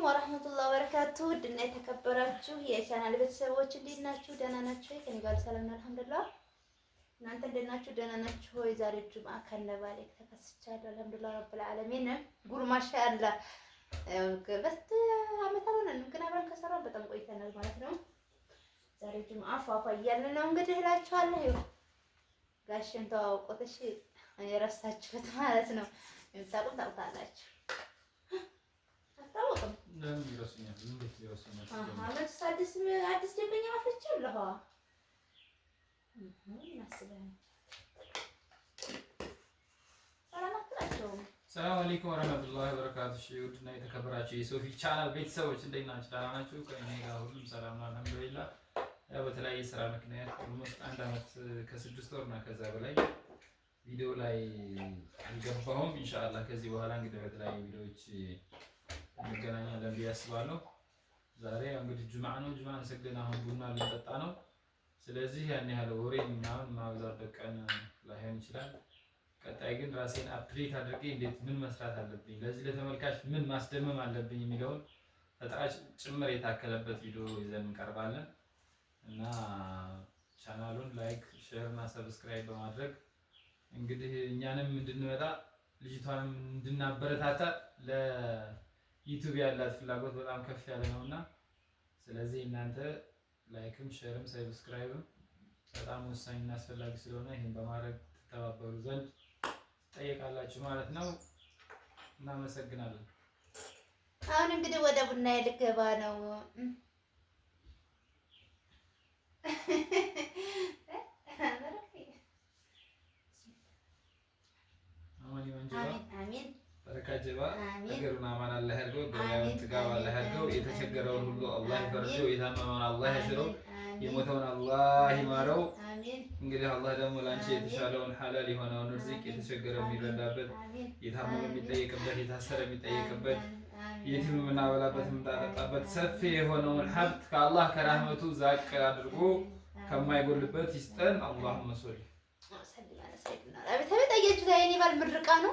አለይኩም ወራህመቱላሂ ወበረካቱ ድና የተከበራችሁ የቻናል ቤተሰቦች እንዴት ናችሁ? ደህና ናችሁ? ከኔ ጋር ሰላም ነው፣ አልሐምዱሊላህ። እናንተ እንዴት ናችሁ? ደህና ናችሁ ሆይ? ዛሬ ጁምአ ከነባሌ ተከስቻለሁ፣ አልሐምዱሊላህ ረብል ዓለሚን። ጉር ማሻአላ በስተ አመት አልሆነንም፣ ግን አብረን ከሰራን በጣም ቆይተናል ማለት ነው። ዛሬ ጁማ ፏፏ እያልን ነው እንግዲህ እላችኋለሁ። ይኸው ጋሽን ተዋውቆትሽ የረሳችሁት ማለት ነው፣ የምታውቁም ታውቃላችሁ አዲስ ደንበኛ ማፍለቻ አለኋ ሰላም አለይኩም ወረህመቱላሂ ወበረካቱህ። ውድና የተከበራችሁ የሶፊ ቻናል ቤተሰቦች እንዴት ናችሁ? ደህና ናችሁ? ከእኔ ጋር ሁሉም ሰላም ነው፣ አልሐምዱሊላህ። በተለያየ ስራ ምክንያት አንድ አመት ከስድስት ወር እና ከዛ በላይ ቪዲዮ ላይ አልገባሁም። ኢንሻአላህ ከዚህ በኋላ እንግዲህ በተለያዩ ቪዲዮዎች እንገናኛለን ብዬ አስባለሁ። ዛሬ እንግዲህ ጁማ ነው። ጁማ ሰግደን አሁን ቡና ልንጠጣ ነው። ስለዚህ ያን ያህል ወሬ ምናምን ማብዛት ቀን ላይሆን ይችላል። ቀጣይ ግን ራሴን አፕዴት አድርጌ እንዴት ምን መስራት አለብኝ፣ ለዚህ ለተመልካች ምን ማስደመም አለብኝ የሚለውን ፈጠራ ጭምር የታከለበት ቪዲዮ ይዘን እንቀርባለን እና ቻናሉን ላይክ፣ ሼር እና ሰብስክራይብ በማድረግ እንግዲህ እኛንም እንድንመጣ ልጅቷንም እንድናበረታታ ለ ዩቱብ ያላት ፍላጎት በጣም ከፍ ያለ ነው እና ስለዚህ እናንተ ላይክም ሼርም ሰብስክራይብም በጣም ወሳኝ እና አስፈላጊ ስለሆነ ይህን በማድረግ ትተባበሩ ዘንድ ትጠየቃላችሁ ማለት ነው። እናመሰግናለን። አሁን እንግዲህ ወደ ቡና ልገባ ነው። አጅባ እግርና ማን አላህ ያድርገው፣ ገበያውን ጥጋብ አላህ ያድርገው፣ የተቸገረውን ሁሉ አላህ ይፈርጀው፣ የታመመውን አላህ ያስረው፣ የሞተውን አላህ ይማረው። እንግዲህ አላህ ደግሞ ለአንቺ የተሻለውን ሐላል የሆነውን ርዚቅ የተቸገረው የሚረዳበት፣ የታመመ የሚጠየቅበት፣ የታሰረ የሚጠየቅበት፣ የቲም የምናበላበት የምናጠጣበት ሰፊ የሆነውን ሀብት ከአላህ ከራህመቱ ዛቅ አድርጎ ከማይጎልበት ይስጠን። አላሁመ ሶሊ አቤት አቤት! ባል ምርቃ ነው።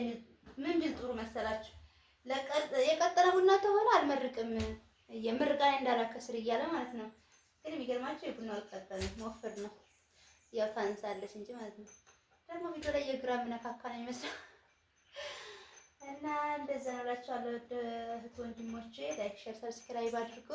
እንደሚል ምን ቢል ጥሩ መሰላችሁ? የቀጠለ ቡና ተሆነ አልመርቅም የምርቃን እንዳላከስር እያለ ማለት ነው። ግን የሚገርማቸው የቡና ቀጠለ መወፈድ ነው። ያው ታንሳለች እንጂ ማለት ነው። ደግሞ ቪዲዮ ላይ የግራ ምነካካ ነው ይመስላል። እና እንደዛ ነው እላችኋለሁ እህት ወንድሞቼ፣ ላይክ ሼር፣ ሰብስክራይብ አድርጎ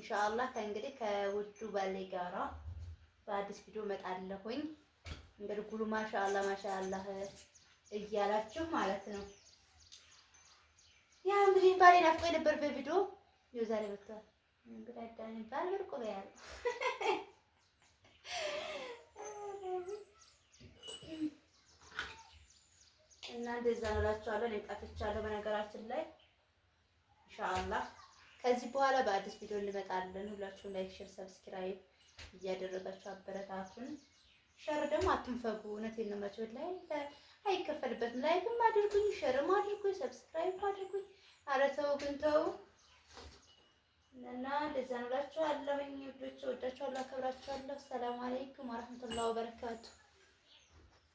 ኢንሻአላህ ከእንግዲህ ከውዱ ባሌ ጋራ በአዲስ ቪዲዮ እመጣለሁኝ። እንግዲህ ጉሉ ማሻአላህ ማሻአላህ እያላችሁ ማለት ነው። ያ እንግዲህ ባሌ ናፍቆ የነበር በቪዲዮ ይኸው ዛሬ ወጥቷል። እንግዲህ አዳን ባል ወርቆ በያል እና እንደዛ ነው እላችኋለሁ። እኔ ጠፍቻለሁ በነገራችን ላይ ኢንሻአላህ ከዚህ በኋላ በአዲስ ቪዲዮ እንመጣለን። ሁላችሁም ላይክ፣ ሼር፣ ሰብስክራይብ እያደረጋችሁ አበረታቱን። ሸር ደግሞ አትንፈጉ። እውነቴን ነው መቼም ላይ አይከፈልበትም። ላይክም አድርጉኝ፣ ሸርም አድርጉኝ፣ ሰብስክራይብ አድርጉኝ። ኧረ ተው ግን ተው እና እንደዛ ነው እላችኋለሁ። እኔ ልጆች አከብራችኋለሁ። ሰላም አለይኩም ወረህመቱላሂ ወበረካቱ